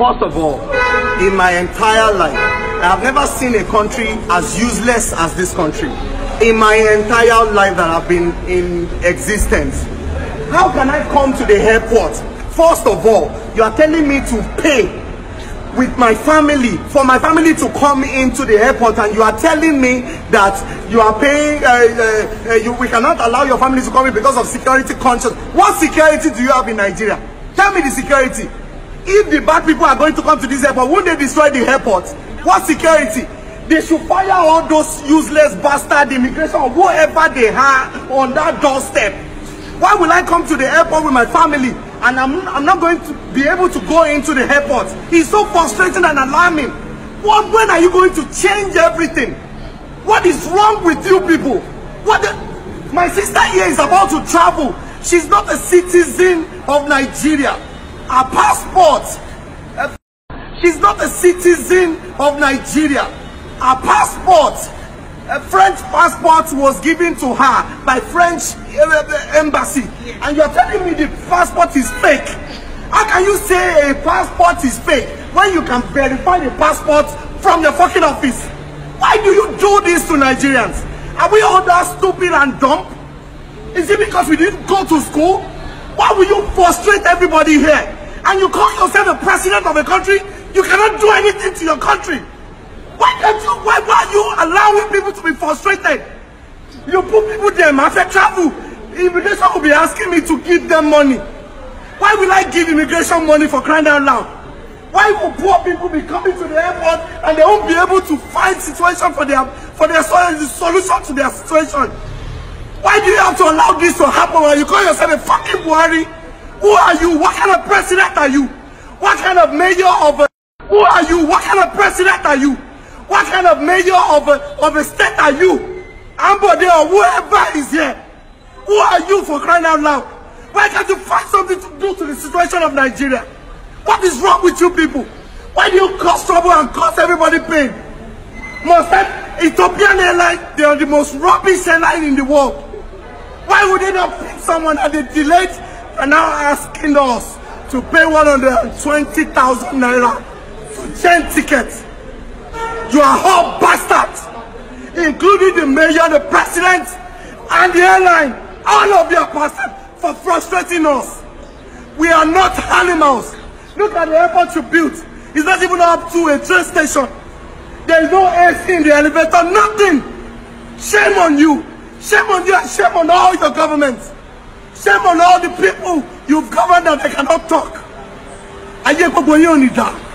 First of all, in my entire life, I have never seen a country as useless as this country. In my entire life that I've been in existence. How can I come to the airport? First of all, you are telling me to pay with my family, for my family to come into the airport and you are telling me that you are paying, uh, uh, uh you, we cannot allow your family to come in because of security concerns. What security do you have in Nigeria? Tell me the security. If the bad people are going to come to this airport, won't they destroy the airport? What security? They should fire all those useless bastard immigration or whoever they are on that doorstep. Why will I come to the airport with my family and I'm, I'm not going to be able to go into the airport? It's so frustrating and alarming. What, when are you going to change everything? What is wrong with you people? What the, my sister here is about to travel. She's not a citizen of Nigeria her passport. She's not a citizen of Nigeria. Her passport, a French passport was given to her by French uh, embassy. And you're telling me the passport is fake. How can you say a passport is fake when you can verify the passport from your fucking office? Why do you do this to Nigerians? Are we all that stupid and dumb? Is it because we didn't go to school? Why will you frustrate everybody here? and you call yourself the president of a country, you cannot do anything to your country. Why can't you, why, why are you allowing people to be frustrated? You put people there, mafia travel. Immigration will be asking me to give them money. Why will I give immigration money for crying out loud? Why will poor people be coming to the airport and they won't be able to find situation for their for their solution to their situation? Why do you have to allow this to happen when you call yourself a fucking worry. Who are you? What kind of president are you? What kind of mayor of a... Who are you? What kind of president are you? What kind of mayor of a, of a state are you? Ambode or whoever is here. Who are you for crying out loud? Why can't you find something to do to the situation of Nigeria? What is wrong with you people? Why do you cause trouble and cause everybody pain? Most that Ethiopian airline, they are the most rubbish airline in the world. Why would they not pick someone that they delayed are now asking us to pay 120,000 naira for train tickets. You are all bastards, including the mayor, the president, and the airline, all of your bastards for frustrating us. We are not animals. Look at the airport you built. It's not even up to a train station. There is no AC in the elevator, nothing. Shame on you. Shame on you and shame on all your governments. Shame on all the people you've governed that they cannot talk. Ayé gbogbo yín ò ní